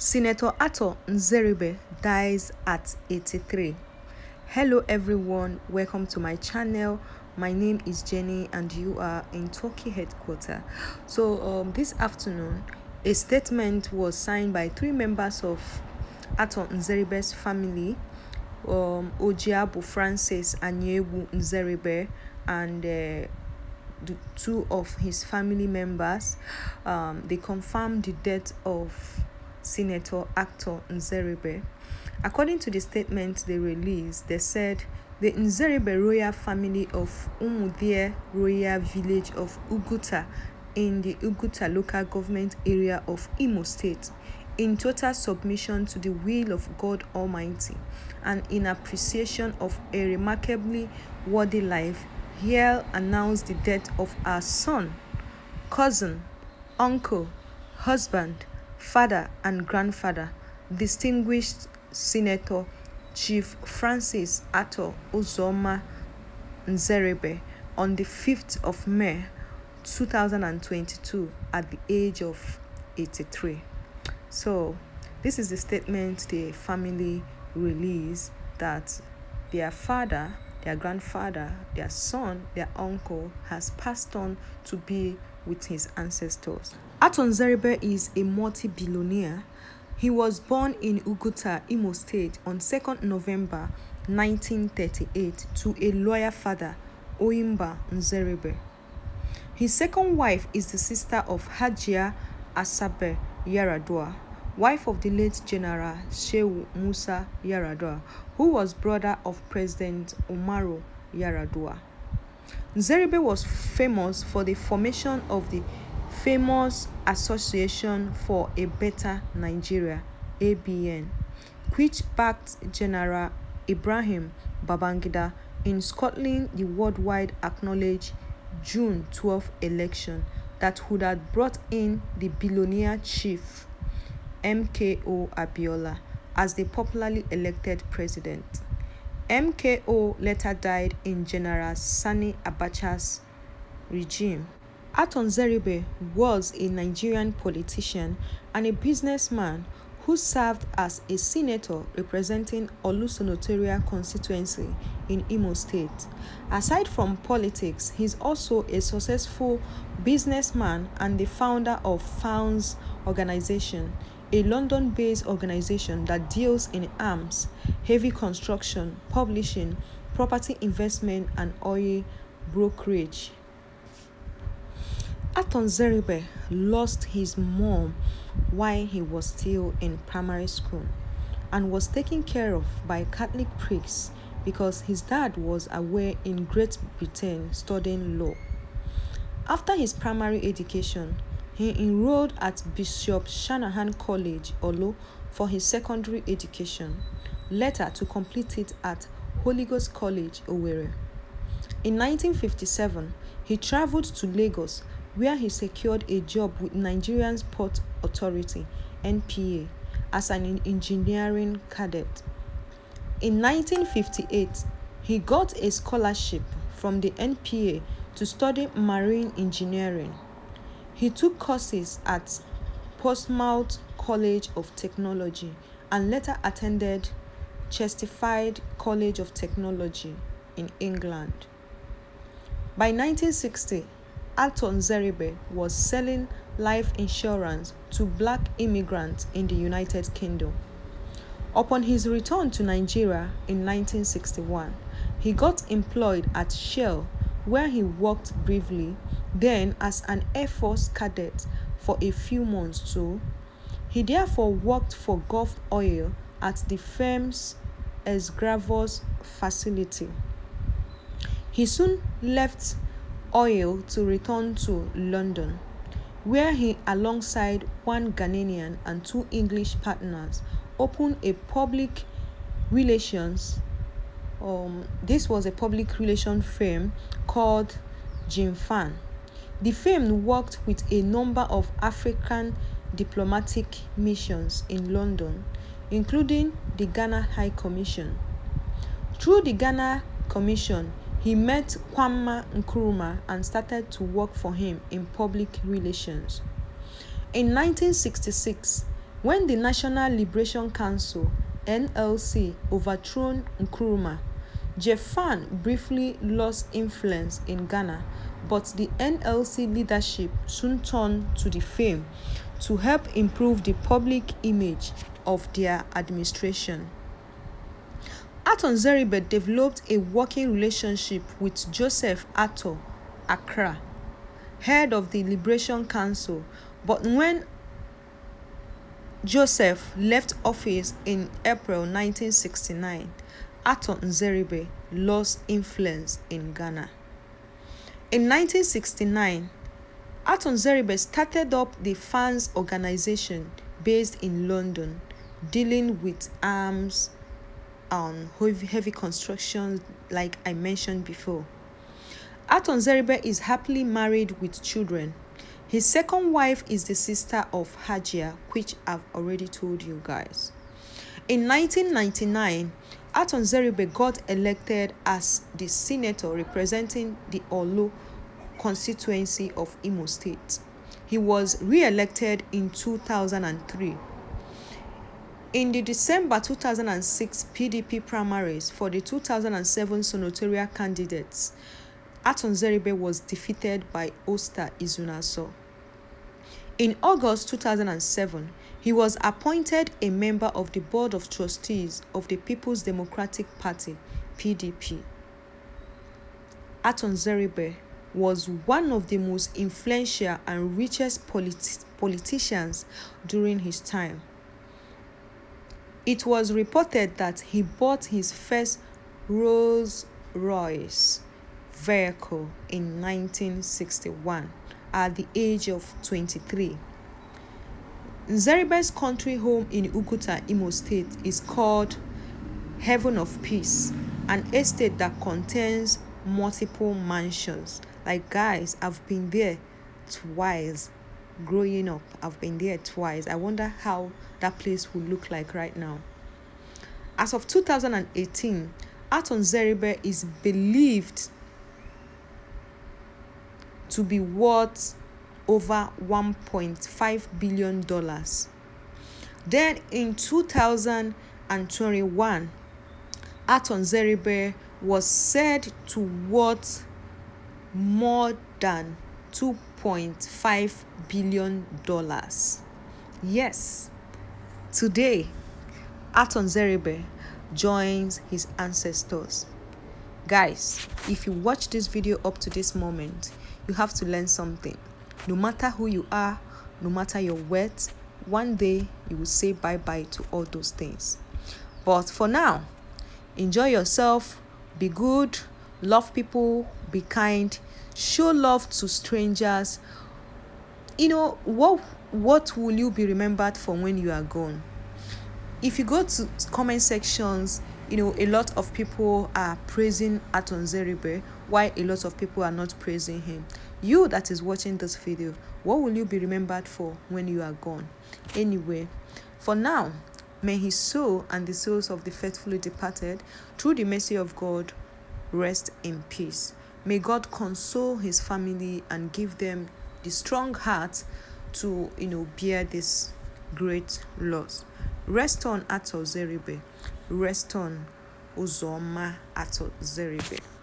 Senator Ato Nzeribe dies at 83. Hello everyone, welcome to my channel. My name is Jenny and you are in Turkey headquarters. So um, this afternoon, a statement was signed by three members of Ato Nzeribe's family, um, Ojiabu Francis Anyebu Nzeribe and uh, the two of his family members. Um, they confirmed the death of Senator Actor Nzeribe. According to the statement they released, they said the Nzeribe royal family of Umudie royal village of Uguta in the Uguta local government area of Imo State in total submission to the will of God Almighty and in appreciation of a remarkably worthy life, here announced the death of our son, cousin, uncle, husband, father and grandfather, distinguished Senator Chief Francis Ato Uzoma Nzerebe on the 5th of May 2022 at the age of 83. So, this is the statement the family released that their father their grandfather, their son, their uncle has passed on to be with his ancestors. Aton Zeribe is a multi-billionaire. He was born in Uguta, Imo State on 2nd November 1938 to a lawyer father, Oimba Zeribe. His second wife is the sister of Hajia Asabe Yaradua wife of the late General Shehu Musa Yaradua, who was brother of President Umaru Yaradua. Nzeribe was famous for the formation of the famous Association for a Better Nigeria, ABN, which backed General Ibrahim Babangida in Scotland the worldwide acknowledged June 12 election that would have brought in the billionaire chief MKO Abiola as the popularly elected president. MKO later died in General Sani Abacha's regime. Aton Zeribe was a Nigerian politician and a businessman who served as a senator representing Olusonoteria constituency in Imo State. Aside from politics, he's also a successful businessman and the founder of Founds Organization, a London based organization that deals in arms, heavy construction, publishing, property investment, and oil brokerage. Aton Zeribe lost his mom while he was still in primary school and was taken care of by Catholic priests because his dad was away in Great Britain studying law. After his primary education, he enrolled at Bishop Shanahan College, Olo, for his secondary education, later to complete it at Holy Ghost College, Owerri. In 1957, he traveled to Lagos, where he secured a job with Nigerian Port Authority (NPA) as an engineering cadet. In 1958, he got a scholarship from the NPA to study marine engineering. He took courses at Portsmouth College of Technology and later attended Chesterfield College of Technology in England. By 1960, Alton Zeribe was selling life insurance to black immigrants in the United Kingdom. Upon his return to Nigeria in 1961, he got employed at Shell, where he worked briefly then as an Air Force cadet for a few months too. He therefore worked for Gulf Oil at the firm's Esgravos facility. He soon left oil to return to London, where he, alongside one Ghanaian and two English partners, opened a public relations. Um, this was a public relations firm called Jim Fan. The firm worked with a number of African diplomatic missions in London, including the Ghana High Commission. Through the Ghana Commission, he met Kwame Nkrumah and started to work for him in public relations. In 1966, when the National Liberation Council NLC overthrew Nkrumah, Jeffan briefly lost influence in Ghana but the NLC leadership soon turned to the fame to help improve the public image of their administration. Aton Zeribe developed a working relationship with Joseph Ato Accra, head of the Liberation Council, but when Joseph left office in April 1969, Aton Zeribe lost influence in Ghana. In 1969, Aton Zeribe started up the fans organization based in London, dealing with arms and heavy construction like I mentioned before. Aton Zeribe is happily married with children. His second wife is the sister of Hajia, which I've already told you guys. In 1999, Aton got elected as the senator representing the Olu constituency of Imo State. He was re-elected in 2003. In the December 2006 PDP primaries for the 2007 senatorial candidates, Aton was defeated by Oster Izunaso. In August 2007, he was appointed a member of the Board of Trustees of the People's Democratic Party, PDP. Aton Zeribe was one of the most influential and richest politi politicians during his time. It was reported that he bought his first Rolls Royce vehicle in 1961 at the age of 23. Nzeribe's country home in Ukuta, Imo State is called Heaven of Peace, an estate that contains multiple mansions. Like guys, I've been there twice growing up. I've been there twice. I wonder how that place would look like right now. As of 2018, Aton Zeribe is believed to be worth over $1.5 billion. Then in 2021, Aton Zeribe was said to worth more than $2.5 billion. Yes, today, Aton Zeribe joins his ancestors. Guys, if you watch this video up to this moment, you have to learn something. No matter who you are, no matter your weight, one day you will say bye bye to all those things. But for now, enjoy yourself, be good, love people, be kind, show love to strangers. You know, what what will you be remembered for when you are gone? If you go to comment sections, you know a lot of people are praising Aton Zeribe why a lot of people are not praising him you that is watching this video what will you be remembered for when you are gone anyway for now may his soul and the souls of the faithfully departed through the mercy of God rest in peace may God console his family and give them the strong heart to you know bear this great loss rest on Ato Zeribe reston Ruston Uzoma zeribe